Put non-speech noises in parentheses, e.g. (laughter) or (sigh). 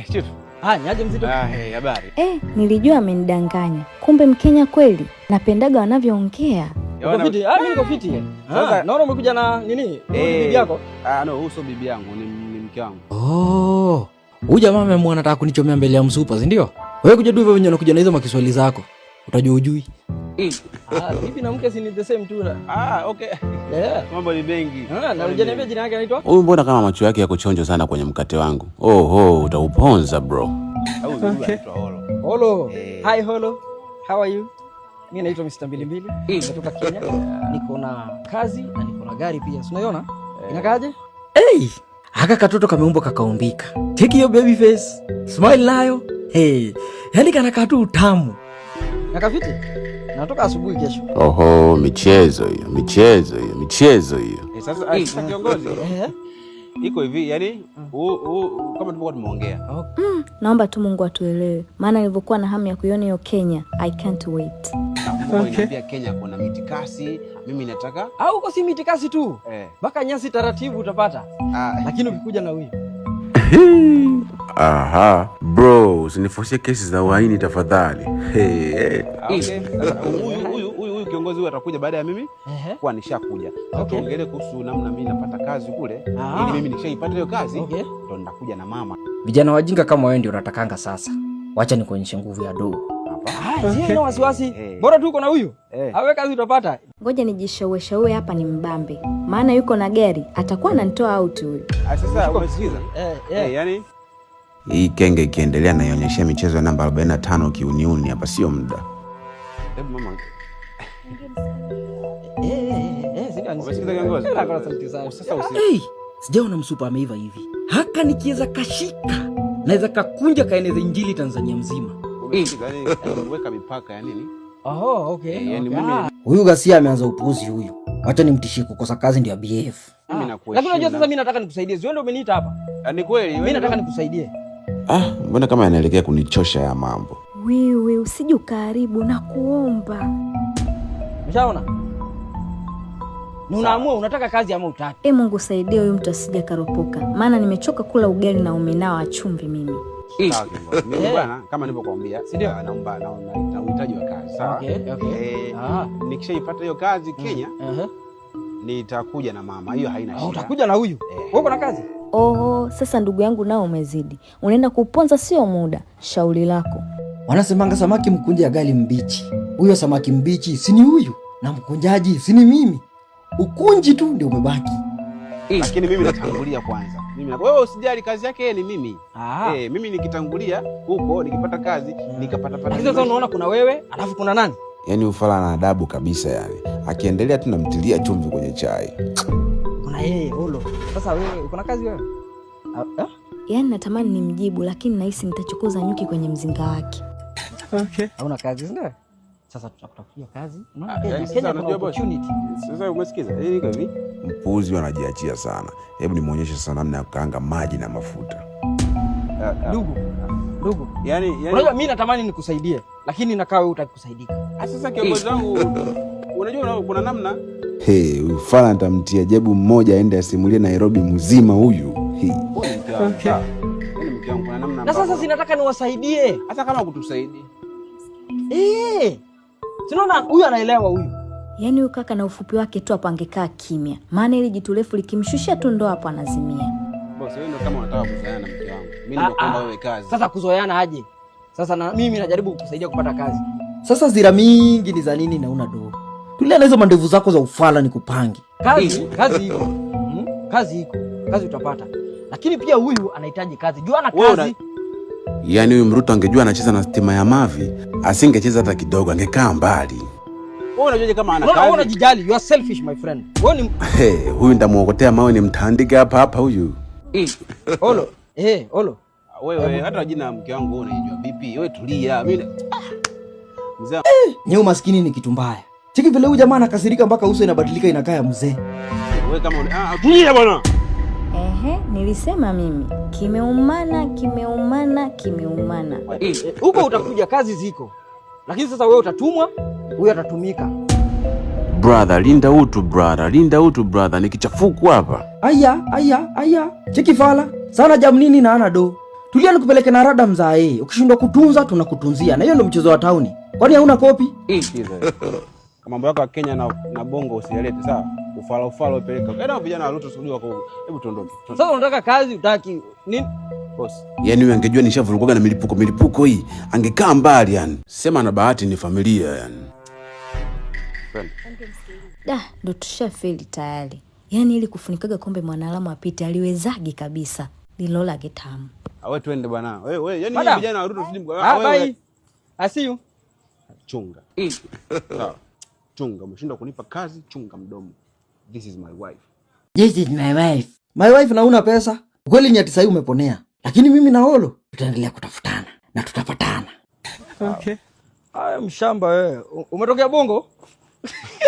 Eh, chief. Ah, niaje mzito? Ah, hey, habari. Eh, nilijua amenidanganya. Kumbe Mkenya kweli. Napendaga wanavyoongea. Uko fiti? Ah, mimi niko fiti. Ah. Sasa naona umekuja na nini? Eh, bibi yako? Ah, no, huyo bibi yangu ni, ni mke wangu. Oh. Huyu jamaa amemwona anataka kunichomea mbele ya msupa, si ndio? Wewe kuja tu hivyo wenyewe unakuja na hizo makiswali zako. Utajua ujui. Ah, na mke si ni the same tu. Ah, okay. Yeah. Mambo ni mengi. Ah, na unajaniambia jina yake anaitwa? Huyu mbona kama macho yake yako chonjo sana kwenye mkate wangu. Oh, oh, utauponza bro. Au Anaitwa Holo. Holo. Hey. Eh. Hi Holo. How are you? Mimi naitwa Mr. Kenya. Niko na kazi na niko na gari pia. Unaiona? Eh. Inakaje? Hey. Haka katoto kameumbwa kakaumbika. Take your baby face. Smile nayo. Hey. Yaani kana katu utamu. Nakafiti? natoka asubuhi kesho. Oho, michezo hiyo, michezo hiyo, michezo hiyo. E, sasa ah, sasa kiongozi eh, eh? iko hivi yani, kama tulivyokuwa tumeongea, hmm, naomba tu Mungu atuelewe, maana nilivyokuwa na hamu ya kuiona hiyo Kenya, I can't wait. Naambia Kenya kuna mitikasi, mimi nataka au ah, uko si mitikasi tu mpaka eh, nyasi taratibu utapata, ah. lakini ukikuja na wewe aha bro usinifosie kesi za waini tafadhali. Huyu kiongozi huyu atakuja baada ya mimi kuwa nishakuja. tuongele kuhusu namna mimi napata kazi kule, ah. ili mimi nishaipata hiyo kazi ndo nitakuja na mama. Vijana wajinga kama wewe ndio unatakanga sasa. Wacha nikuonyeshe nguvu ya dogo Sina ah, wasiwasi, (laughs) bora tuko na huyu awe kazi utapata. Ngoja nijishaueshaue hapa, ni mbambe maana yuko na gari, atakuwa ananitoa auti huyu. Sasa umesikiza? Eh, eh. yani hii kenge ikiendelea naionyeshea michezo ya namba 45 kiuniuni hapa, sio muda. Eh, eh, eh, hey, sijaona msupa ameiva hivi haka, nikiweza kashika naweza kakunja kaeneza injili Tanzania mzima. Oh, okay, okay. Ah. Huyu Ghasia ameanza upuuzi huyu, wacha nimtishie kukosa kazi ndio ya BF. Lakini unajua sasa, mimi nataka nikusaidie, sio ndio umeniita hapa? Ni kweli mimi nataka nikusaidie Ah, mbona kama yanaelekea kunichosha ya mambo. Wewe usije ukaharibu na kuomba. Mshaona? Ni unaamua unataka kazi ama utaki. E, Mungu saidie huyu mtu asije karopoka, maana nimechoka kula ugali na umenao wa chumvi mimi. bwana, (laughs) eh. kama nilivyokuambia, si ndio, ah, naomba na uhitaji wa kazi. Sawa. Okay, okay. Eh, ah, nikishaipata hiyo kazi Kenya, uh eh, -huh. Nitakuja na mama, hiyo haina ah, shida. Utakuja na huyu? Wewe uko na kazi? oho sasa ndugu yangu, nao umezidi, unaenda kuponza sio muda. shauli lako. Wanasemanga samaki mkunja gali mbichi. Huyo samaki mbichi sini huyu, na mkunjaji sini mimi. Ukunji tu ndio umebaki. Eh. Lakini mimi natangulia kwanza. Mimi wewe usijali, kazi yake ni mimi. Eh, mimi nikitangulia huko nikipata kazi hmm. nikapata pata. Sasa unaona kuna wewe, alafu kuna nani? Yaani ufala na adabu kabisa yani. Akiendelea tu namtilia chumvi kwenye chai. Sasa wewe uko na kazi wewe? Eh? Yaani natamani nimjibu, lakini nahisi nitachukuza nyuki kwenye mzinga wake. Okay. Hauna kazi si ndio? Sasa tutakutafutia kazi. Unaona? Ah, eh, yaani kuna opportunity. Sasa umesikiza? Mpuzi anajiachia sana. Hebu nimuonyeshe sasa namna ya kukaanga maji na mafuta. Ndugu, ndugu. Yaani, yaani unajua mimi natamani nikusaidie, lakini nakaa wewe utakusaidika. Sasa kiongozi wangu, unajua kuna namna Hey, Ufala nitamtia Jebu mmoja aende asimulie Nairobi mzima huyu. Hey. Okay. Na sasa sinataka niwasaidie hata kama kutusaidi Eh. Sinaona huyu anaelewa huyu. Yaani huyu kaka na ufupi wake tu apangekaa kimya. Maana ile jitu refu likimshushia tu ndo hapo anazimia. Boss, wewe ndio kama unataka kuzoeana na mke wangu. Mimi wewe ah, ah. kazi. Sasa kuzoeana aje? Sasa na mimi najaribu kukusaidia kupata kazi. Sasa zira mingi ni za nini na una doo? Tulia na hizo mandevu zako za ufala, kupangi kazi. Eh. Kazi iko hmm? kazi iko kazi, utapata lakini pia huyu anahitaji kazi, jua ana kazi. Yani huyu Mruto angejua anacheza na stima ya Mavi, asingecheza hata kidogo, angekaa mbali. unajijali, you are selfish my friend. ni (laughs) hey, huyu ndamuokotea mawe ni mtandike hapa hapa huyu. Eh, olo, hey, eh, olo. Ah, wewe hata jina mke wangu unajua vipi? Wewe tulia. Mimi. Mzee. Nyeu maskini ni kitu mbaya. Cheki vile huyu jamaa anakasirika mpaka uso inabadilika inakaa ya mzee. Wewe kama ah, tulia bwana. Ehe, nilisema mimi kimeumana, kimeumana, kimeumana. Huko eh, eh, utakuja, kazi ziko, lakini sasa wewe utatumwa, huyu atatumika. Brother, linda utu brother, linda utu brother, nikichafuku kichafuku hapa. Aya, aya, aya, cheki fala sana jamnini na anado tulia, nikupeleke na rada mzae. Ukishindwa kutunza tunakutunzia, na hiyo ndio mchezo wa tauni. Kwani hauna kopi? (laughs) mambo yako ya Kenya na, na Bongo usiyalete sawa. Ufala ufala upeleka. Yaani Enda vijana wa Ruto suluhu wako. Hebu tuondoke. Sasa unataka kazi utaki nini? Boss. Yani wewe angejua nishavurugoga na milipuko milipuko hii angekaa mbali yani. Sema na bahati ni familia yani. Da, ndo tushafeli tayari. yani, ili kufunikaga kombe mwanalamu apite aliwezaje kabisa. Lilola getamu. Awe twende bwana. Wewe wewe yaani vijana wa Ruto suluhu. Ah, bye. Asiyu. Chunga. mm chunga. Umeshindwa kunipa kazi, chunga mdomo. This is my wife. This is my wife. My wife nauna pesa? Kweli nyati sasa umeponea. Lakini mimi na Olo tutaendelea kutafutana na tutapatana. Okay. Ah, haya mshamba wewe. Umetokea Bongo? (laughs)